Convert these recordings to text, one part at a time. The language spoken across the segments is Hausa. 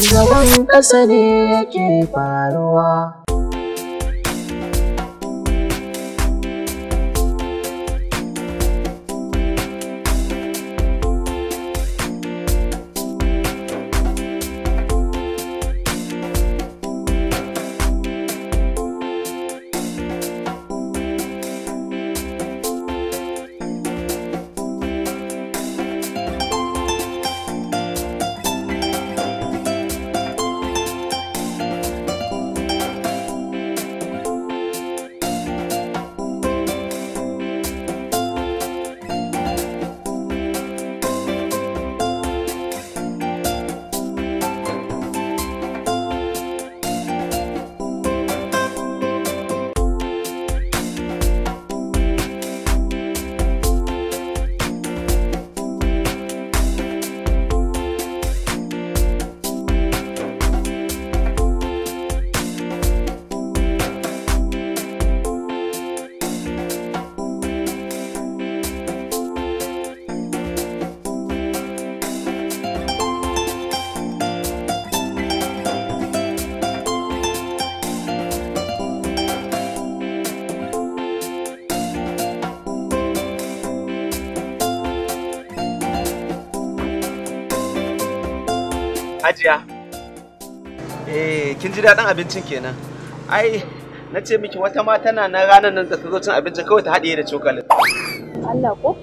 zaman ƙasa ne yake faruwa Hajiya. Eh, kin ji daɗin abincin kenan. Ai, na ce miki wata ma tana na ranar nan da ta zo cin abincin kawai ta haɗiye da cokali. Allah ko?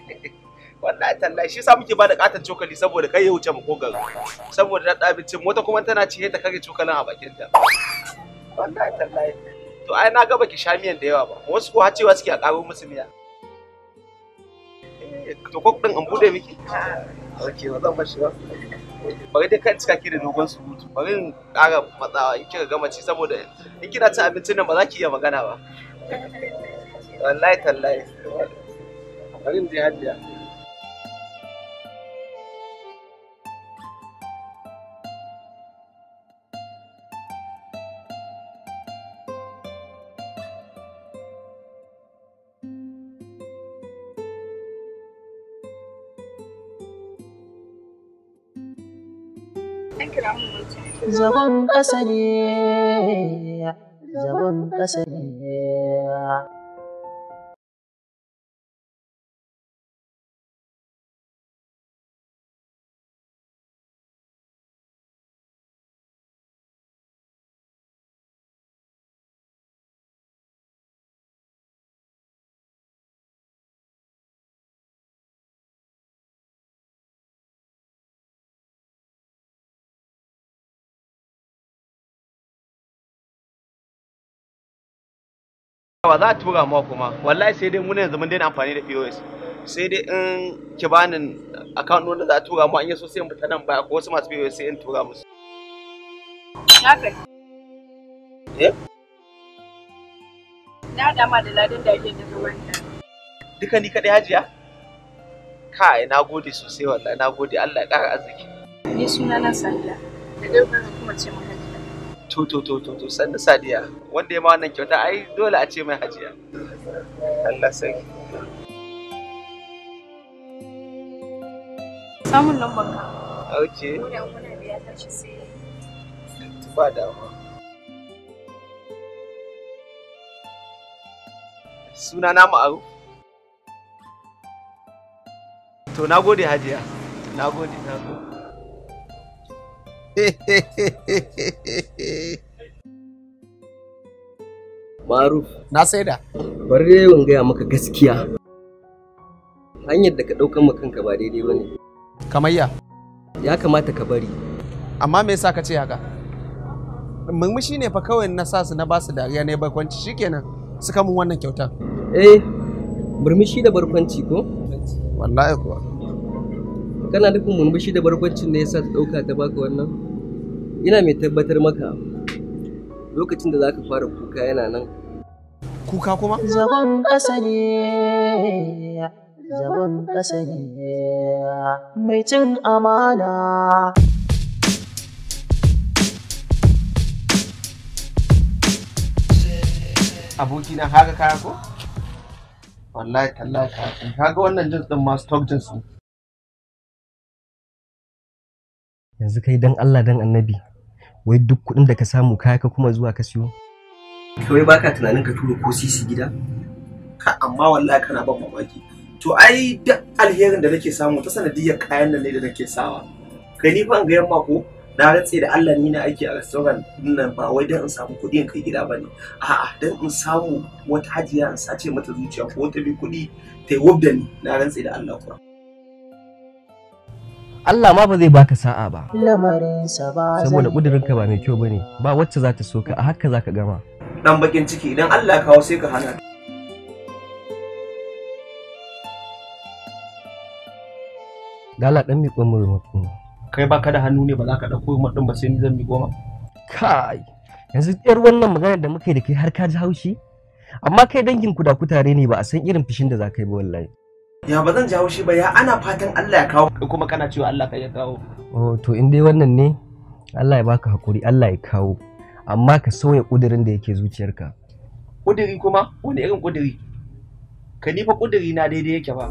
Wallahi tallahi shi sa muke da katon cokali saboda kai ya wuce makogaro. Saboda daɗin abincin wata kuma tana ciye ta kage cokalin a bakinta. Wallahi tallahi. To ai na ga baki sha miyan da yawa ba. Wasu ko har cewa suke a ƙaro musu miya. Eh, to kok ɗin an buɗe miki? Ok, zan bashi ba. bari dai kan cika ki da dogon surutu bari in ƙara matsawa in kika gama ci saboda in kina cin abincin nan ba za ki iya magana ba wallahi tallahi bari in je hajiya zagon ƙasa ne zagon ƙasa wa za a tura ma kuma wallahi sai dai muna yanzu mun daina amfani da POS sai dai in ki bani account da za a tura mu an yi so sai in fita nan baya ko wasu masu POS sai in tura musu kai. eh na da ma da ladan da yake da wannan. duka ni kadai hajiya kai na gode sosai wallahi na gode Allah ya kara arziki ni suna na Sanda da dai kuma ce maka to to to to sannu sadiya wanda ya ma wannan kyauta ai dole a ce mai hajiya Allah sai samun lambar ka ok ba damuwa suna na ma'aru to na gode hajiya na gode na gode Maru, Na saida. Bari dai mun gaya maka gaskiya. Hanyar da ka ɗaukar ma kanka ba daidai ba ne. Kamayya. Ya kamata ka bari. Amma me yasa ka ce haka? Murmushi ne fa kawai na sa su na ba su dariya ne barkwanci shikenan suka mun wannan kyautar. Eh, murmushi da barkwanci ko? Wallahi kuwa. Kana nufin murmushi da barkwancin ne yasa ta ɗauka ta baka wannan? ina mai tabbatar maka lokacin da za ka fara kuka yana nan kuka kuma zagon ƙasa ne zagon ƙasa ne mai cin amana aboki na haka kaya ko wallahi tallaka in kaga wannan jins din masu talk jins yanzu kai dan Allah dan annabi wai duk kuɗin da ka samu kaya ka kuma zuwa ka siyo kawai baka tunanin ka tura ko sisi gida ka amma wallahi kana ban mamaki to ai duk alherin da nake samu ta sanadiyar kayan nan ne da nake sawa kai ni fa an ga yamma ko na rantse da Allah ni na aiki a restaurant nan ba wai dan in samu kuɗi in kai gida bane a'a dan in samu wata hajiya in sace mata zuciya ko wata bi kuɗi ta yi wubda ni na rantse da Allah kuwa Allah ma ba zai baka sa'a ba. Saboda ƙudurinka ba mai kyau ba ne, ba wacce za ta so ka a haka za ka gama. Ɗan bakin ciki idan Allah kawo sai ka hana. Gala ɗan mi mu remote Kai Kai baka da hannu ne ba za ka ɗauko remote ɗin ba sai ni zan mi goma? Kai, yanzu ɗiyar wannan maganar da muka yi da kai har ka ji haushi? Amma kai dangin ku da kutare ne ba a san irin fishin da za ka yi ba wallahi. ya ba zan jawo shi ba ya ana fatan Allah ya kawo kuma kana cewa Allah ka ya kawo oh to in dai wannan ne Allah ya baka hakuri Allah ya kawo amma ka sauya kudirin da yake zuciyarka kudiri kuma wani irin kudiri ka nifa kudiri na daidai yake ba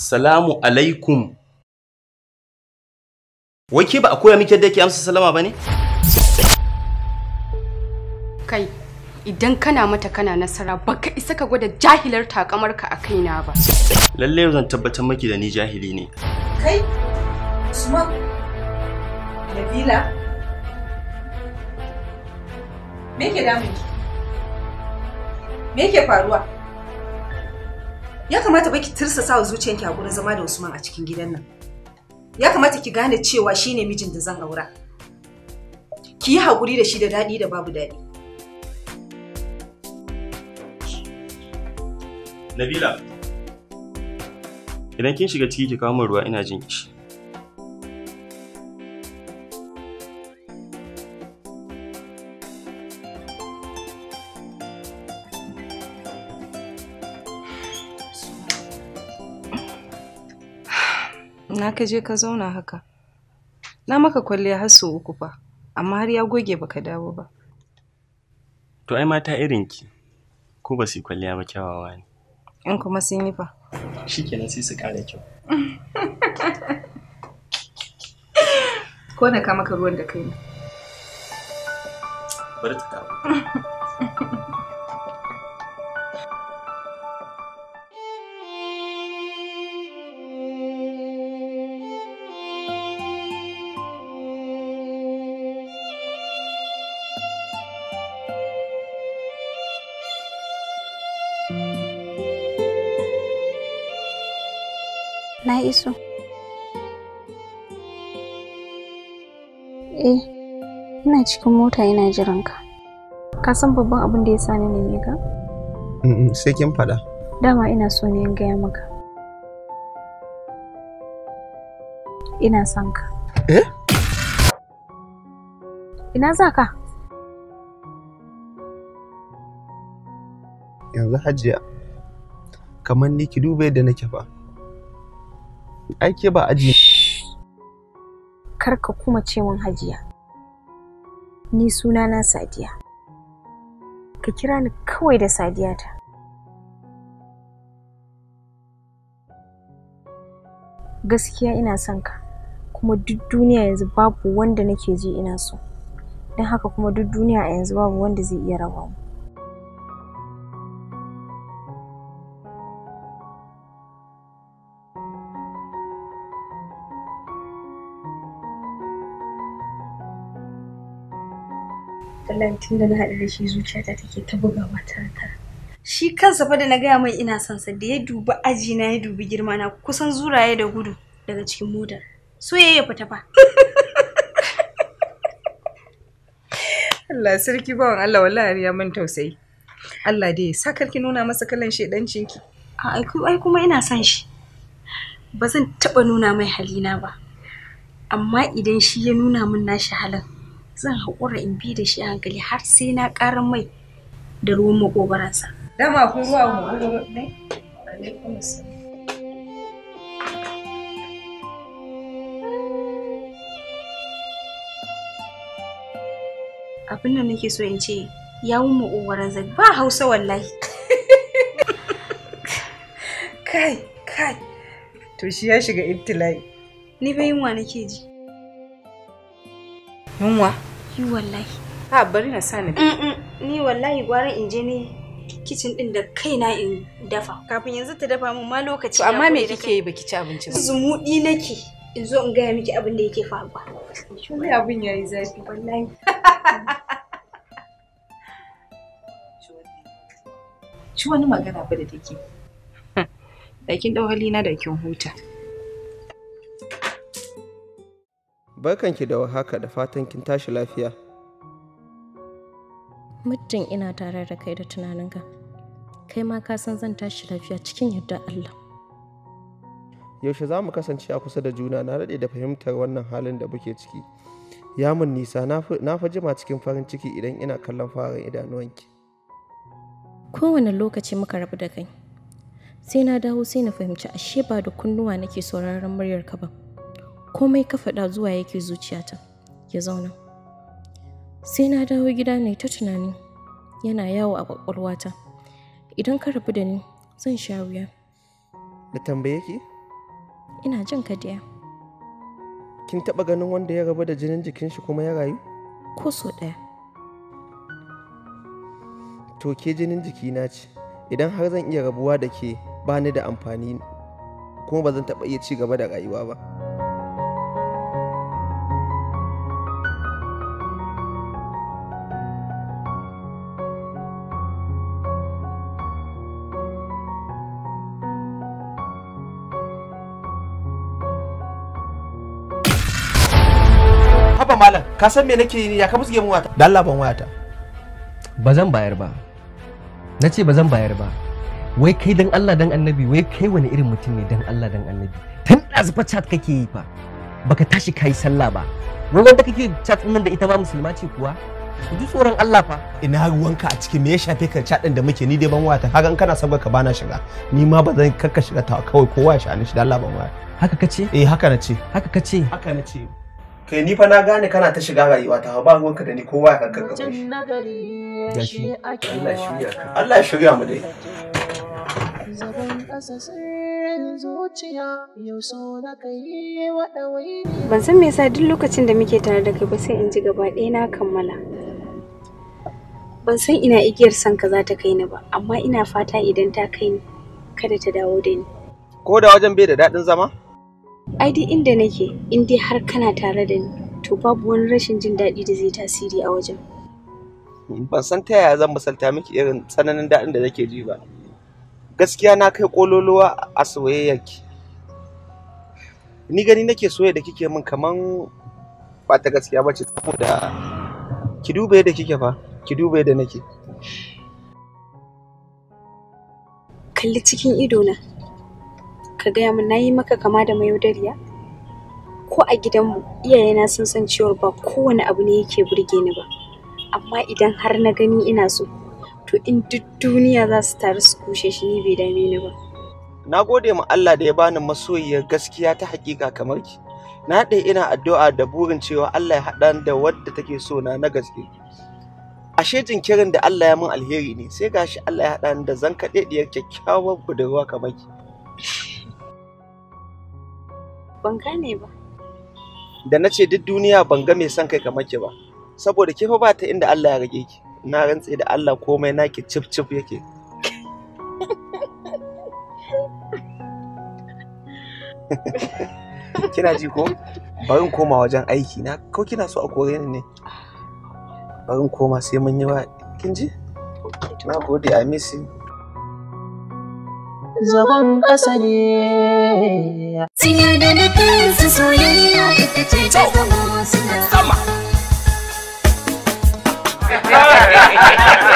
Salamu alaikum wai ke ba a koya miki yadda yake amsa salama ba ne kai idan kana mata kana nasara baka isa ka gwada jahilar takamarka a kaina ba lallai zan tabbatar maki da ni jahili ne kai usman nabila me ke damun me ke faruwa ya kamata baki tirsasa wa zuciyanki gurin zama da Usman a cikin gidan nan ya kamata ki gane cewa shine mijin da zan aura ki yi hakuri da shi da daɗi da babu daɗi Nabila idan kin shiga ciki ki kawo min ruwa ina jin kishi Ina ka je ka zauna haka? Na maka kwalliya har sau uku fa, amma har ya goge baka dawo ba. To ai mata irin ki, ko ba su yi kwalliya ba kyawawa ne. In kuma sun yi fa. Shi kenan sai su kare kyau. Ko na ka maka ruwan da kai ne. Bari ta kawo. na iso eh ina cikin mota ina jiran ka ka san babban abin da ya sa ni ne ka sai kin faɗa dama ina so ne in gaya maka ina son ka eh ina za ka yanzu hajiya kamar ni ki dube da nake fa aike ba aji karka kuma ce min hajiya ni suna na sadiya ka kira ni kawai da sadiya ta gaskiya ina son ka kuma duk duniya yanzu babu wanda nake ji ina so don haka kuma duk duniya a yanzu babu wanda zai iya rawa mu Allah tun da na haɗu da shi zuciyata take ta buga wata shi kansa fa da na gaya mai ina son sa da ya dubi aji na ya dubi girma na kusan zuraye da gudu daga cikin motar so ya fita fa Allah sarki bawan Allah wallahi ya mun tausayi Allah dai sa ki nuna masa kalan shedancin a ai kuma ina son shi ba zan taba nuna mai halina ba amma idan shi ya nuna min nashi halin zan haƙura in bi da shi hankali har sai na ƙarar mai da ruwan makogaransa. Dama ku ruwa mu makogaran ne? Abin da nake so in ce yawun makogaransa ba hausa wallahi. Kai, kai. To shi ya shiga ibtila'i. Ni bai yunwa nake ji. Yunwa? ni wallahi. Ha bari na sani. Ni wallahi gwara in je ni kicin din da kaina in dafa. Kafin yanzu ta dafa mun ma lokaci. To amma me kike yi baki ci abinci ba? Zumuɗi nake. In zo in gaya miki abin da yake faruwa. Wallahi abin ya yi zafi wallahi. Ci wani magana ba da take. Da kin dau halina da kin huta. barkanki da haka da fatan kin tashi lafiya muddin ina tare da kai da tunaninka kai ma ka san zan tashi lafiya cikin yadda Allah yaushe za mu kasance a kusa da juna na daɗe da fahimtar wannan halin da muke ciki ya mun nisa na fi jima cikin farin ciki idan ina kallon farin idanuwanki kowane lokaci muka rabu da kai sai na dawo sai na fahimci ashe ba da kunnuwa nake sauraron ka ba komai ka faɗa zuwa yake zuciyata ya zauna sai na dawo gida ne ta tunani yana yawo a ƙwaƙwalwata idan ka rabu da ni zan sha wuya da tambaye ki ina jin ka daya kin taɓa ganin wanda ya rabu da jinin jikin shi kuma ya rayu ko so ɗaya to ke jinin jikina ce idan har zan iya rabuwa da ke ba ni da amfani kuma ba zan taɓa iya ci gaba da rayuwa ba. ka san me nake yi ya ka busge mun wata dan laban wayata ba zan bayar ba na ce ba zan bayar ba wai kai dan Allah dan annabi wai kai wani irin mutum ne dan Allah dan annabi tun azufa chat kake yi fa baka tashi kai sallah ba ruwan da kake chat nan da ita ma musulma ce kuwa ku ji tsoron Allah fa ina ruwanka a cikin me ya shafe ka din da muke ni dai ban wata kaga in kana sabga ka bana shiga ni ma ba zan karka shiga ta kawai kowa ya shi da Allah ban waya haka kace eh haka nace haka kace haka nace kai ni fa na gane kana ta shiga rayuwa ta ba ruwanka da ni kowa ya kankan Allah shirya ka Allah shirya mu dai ban san me yasa duk lokacin da muke tare da kai ba sai in ji gaba ɗaya na kammala ban san ina igiyar son ka za ta kai ni ba amma ina fata idan ta kai ni kada ta dawo da ni ko da wajen bai da daɗin zama ai duk inda nake in dai har kana tare da ni to babu wani rashin jin daɗi da zai tasiri a wajen ban san ta yaya zan misalta miki irin tsananin daɗin da nake ji ba gaskiya na kai kololuwa a soyayyarki ni gani nake soyayya da kike min kaman ba ta gaskiya ba ce saboda ki duba yadda kike fa ki duba yadda nake kalli cikin idona ka gaya min nayi maka kama da mayaudariya ko a gidanmu iyaye na sun san cewa ba kowane abu ne yake burge ni ba amma idan har na gani ina so to in duk duniya za su taru su kushe shi ni bai dame ni ba na gode ma Allah da ya bani masoyiyar gaskiya ta hakika kamar ki na da ina addu'a da burin cewa Allah ya haɗa da wadda take so na na gaske ashe jinkirin da Allah ya mun alheri ne sai gashi Allah ya haɗa da zan kaɗe kyakkyawar budurwa kamar ki Ban gane ba. Da na ce duk duniya ban ga mai son kai kamar ki ba. Saboda ke fa ba ta inda Allah ya rage ki. Na rantse da Allah komai naki cif cif yake. kina ji ko? Bari in koma wajen aiki na ko kina so a kore ni ne? Bari in koma sai mun yi wa kin ji? Na gode a misi. zagon ƙasa ne. Sun da kansu soyayya ita ce ta zama suna. Sama.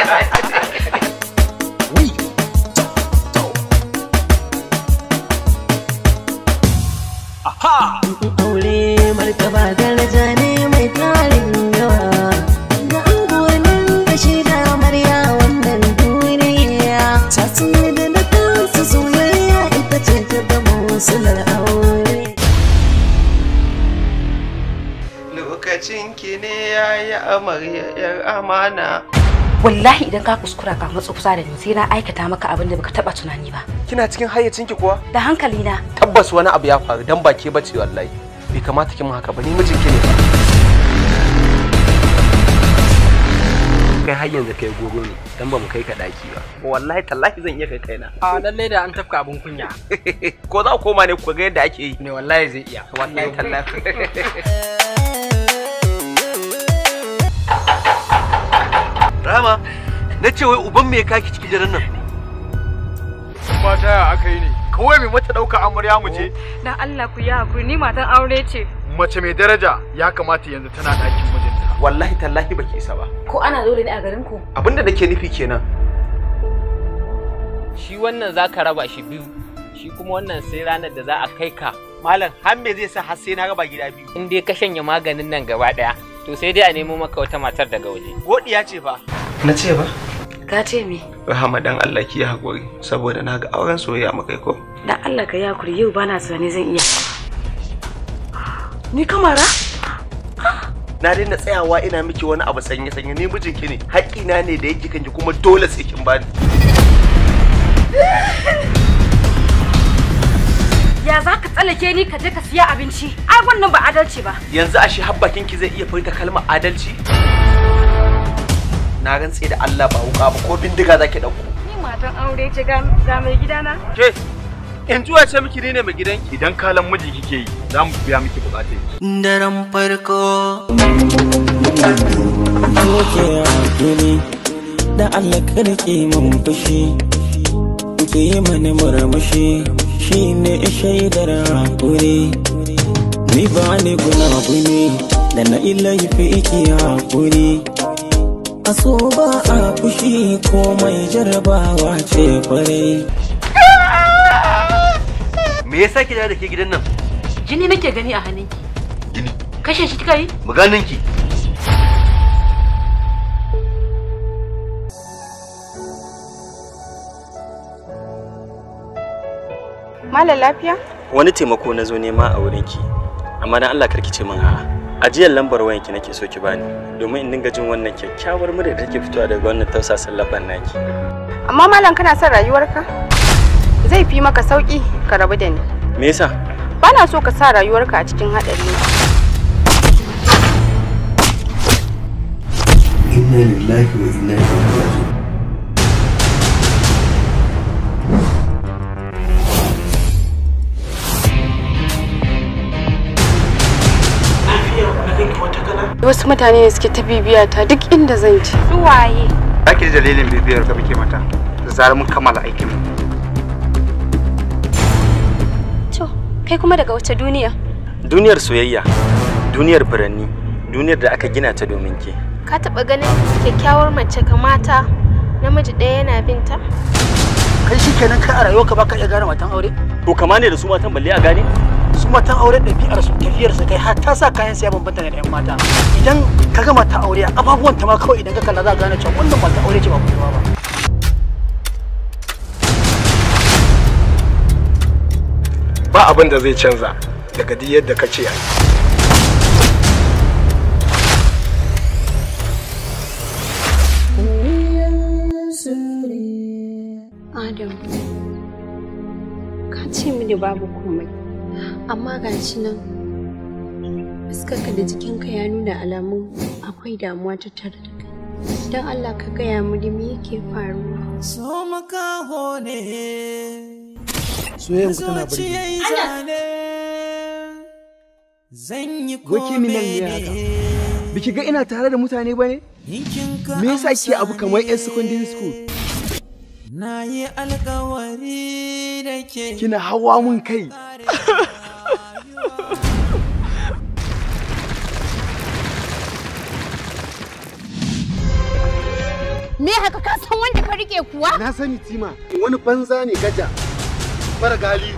wallahi idan ka kuskura ka matso kusa da ni sai na aikata maka abin da baka taba tunani ba kina cikin hayyacin ki kuwa da hankali na tabbas wani abu ya faru dan ba bace wallahi bai kamata kin haka ba ni mijin ki ne kai har yanzu kai gogo ne dan ba mu kai ka daki ba wallahi tallahi zan iya kai kaina a lalle da an tafka abun kunya ko za ku koma ne ku ga yadda ake yi ne wallahi zai iya wallahi tallahi rama na ce wai uban me ya kaki cikin daren nan kuma ta ya aka yi ne kawai mai mace dauka amarya mu je dan Allah ku ya hakuri ni matan aure ce mace mai daraja ya kamata yanzu tana ɗakin mijinta wallahi tallahi baki isa ba ko ana dole ne a garin ku abinda nake nufi kenan shi wannan zaka raba shi biyu shi kuma wannan sai ranar da za a kai ka malam har me zai sa har sai na raba gida biyu in dai ka shanye maganin nan gaba daya to sai dai a nemo maka wata matar daga waje godiya ce ba. na ce ba ka ce me rahama dan Allah ki hakuri saboda na ga auren soyayya makai ko dan Allah ka yakuri yau ba na ne zan iya ni kamara na daina tsayawa ina miki wani abu sanye sanye ni mijinki ne hakina ne da yake kanki kuma dole sai kin bani tsallake ni ka je ka siya abinci. Ai wannan ba adalci ba. Yanzu ashe habbakin ki zai iya furta kalmar adalci? Na rantse da Allah ba wuka ba ko bindiga zaki dauko. Ni matan aure ce ga mai gidana. Ke in juwa ce miki ne mai gidanki idan kalan miji kike yi za mu biya miki bukatai. Daren farko. Da Allah karke mun fushi, ke yi mani murmushi. shine shaidar hakuri ni ba ni guna ne da na ilaifi iki hakuri a so ba a fushi ko mai jarabawa ce fare me yasa ki da ke gidan nan jini nake gani a hannunki jini kashe shi kika yi ki Mala lafiya? Wani taimako na zo nema a wurin ki Amma dan Allah karki ce min a'a. Ajiyar lambar wayan ki nake so ki bani domin in dinga jin wannan kyakkyawar murya da take fitowa daga wannan tausasan laban naki. Amma malam kana son rayuwarka? Zai fi maka sauki ka rabu da ni. Me yasa? Bana so ka sa rayuwarka a cikin haɗari. inna lillahi wa inna ilaihi raji'un wasu mutane ne suke ta bibiya ta duk inda zan ci su waye zaki dalilin bibiyar ka muke mata da zarar mun kammala aikin to kai kuma daga wace duniya duniyar soyayya duniyar birni duniyar da aka gina ta domin ke ka taɓa ganin kyakkyawar mace kamata namiji ɗaya yana binta kai shi kenan kai a rayuwarka ka iya gane matan aure to kama ne da su matan balle a gane su matan aure ɗabi'ar su tafiyar su kai har ta sa kayan siya bambanta da 'yan mata idan ka ga mata aure ababuwan ta ma kawai idan ka kalla za ka gane cewa wannan mata aure ce ba kuma ba ba abin da zai canza daga duk yadda ka ce ce mini babu komai amma ga shi nan fuskarka da jikinka ya nuna alamun akwai damuwa ta tare da kai don allah ka gaya mini me yake faruwa so makaho ne soyayyanku tana ne zan yi komai ne biki ga ina tare da mutane ba ne me yasa ke abu kamar yan secondary school Nayi alkawari da ke Kina hawa mun kai. Me haka ka san wanda ka rike kuwa? Na sani Tima, wani banza ne gaja. Fara gali,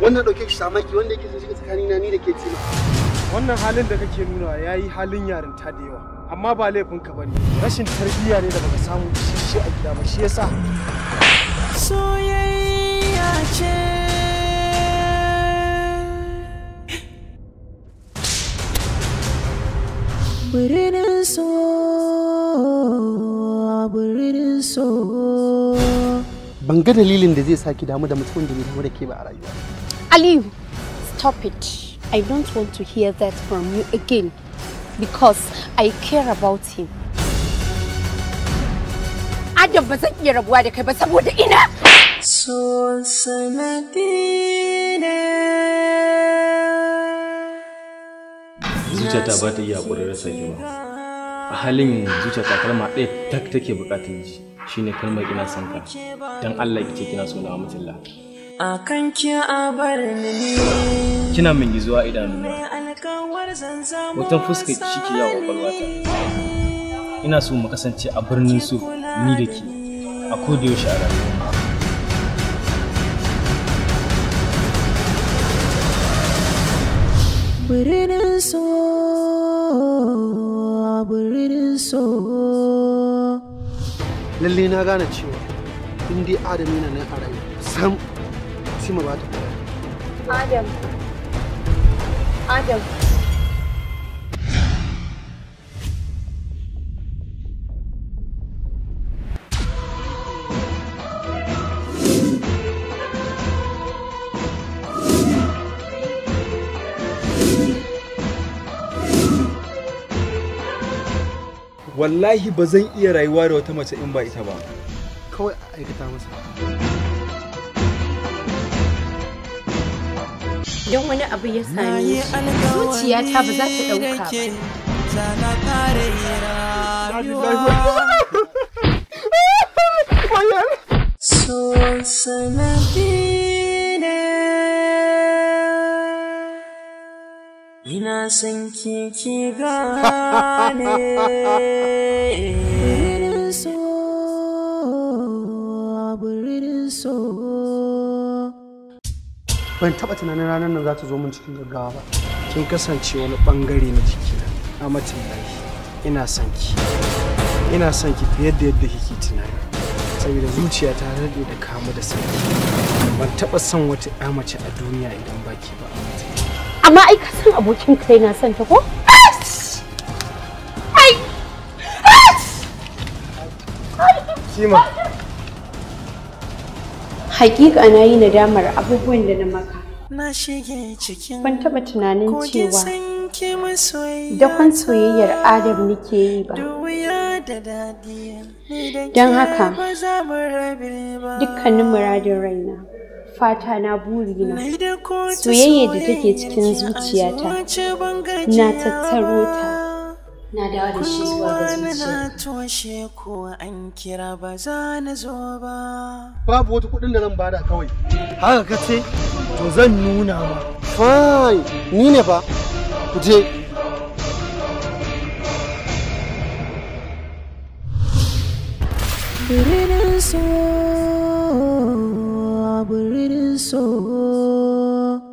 wanda ɗauke shi samaki wanda yake son shiga tsakanina ni da ke Tima. wannan halin da kake nuna ya yi halin yarinta da yawa amma ba laifin ka bane rashin tarbiyya ne da baka samu shi a gida ba shi yasa soyayya ce birnin so birnin so ban ga dalilin da zai sa ki damu da mutumin da da ke ba a rayuwa aliyu stop it I don't want to hear that from you again because I care about him. Adam ba zan iya rabuwa da kai ba saboda ina. ta iya ƙurar rasa ki A halin ta kalma ɗaya tak take buƙatar ji shine kalmar ina son ka. don Allah ki ce kina so na mutulla. a kan ki a bar ni kina min gizuwa idanuna wata fuskar ciki yawa kwakwalwata ina so mu kasance a birnin su ni da ke a kodayaushe a rayuwa birnin so birnin so lalle na gane cewa indi dai na nan a rayu sam Fatima ba Adam. Adam. wallahi ba zan iya rayuwa da wata mace in ba ita ba kawai aikata masa Idan wani abu ya same shi zuciyata ba za ta ɗauka Ina son ki gane irin ban taba tunanin ranar nan za ta zo min cikin gaggawa ba kin kasance wani bangare na jikina na matin lafi ina son ki ina son ki fiye da yadda kike tunani saboda zuciya ta rade da kamu da sanki ban taba son wata ya mace a duniya idan baki ba amma ai ka san abokin kai na son ta ko ai ai Hakika na yi nadamar abubuwan da na maka. Na shige cikin Ban taɓa tunanin cewa da kwan soyayyar Adam nake yi ba. Don haka dukkanin muradin raina. fata na burina soyayya da take cikin zuciyata na tattaro ta na dawo da shi toshe ko an kira ba zo ba. Babu wata kuɗin da zan bada kawai. Haka ka ce, to zan nuna ma. Fai, ni ne fa, ku je. Biririn so, biririn so.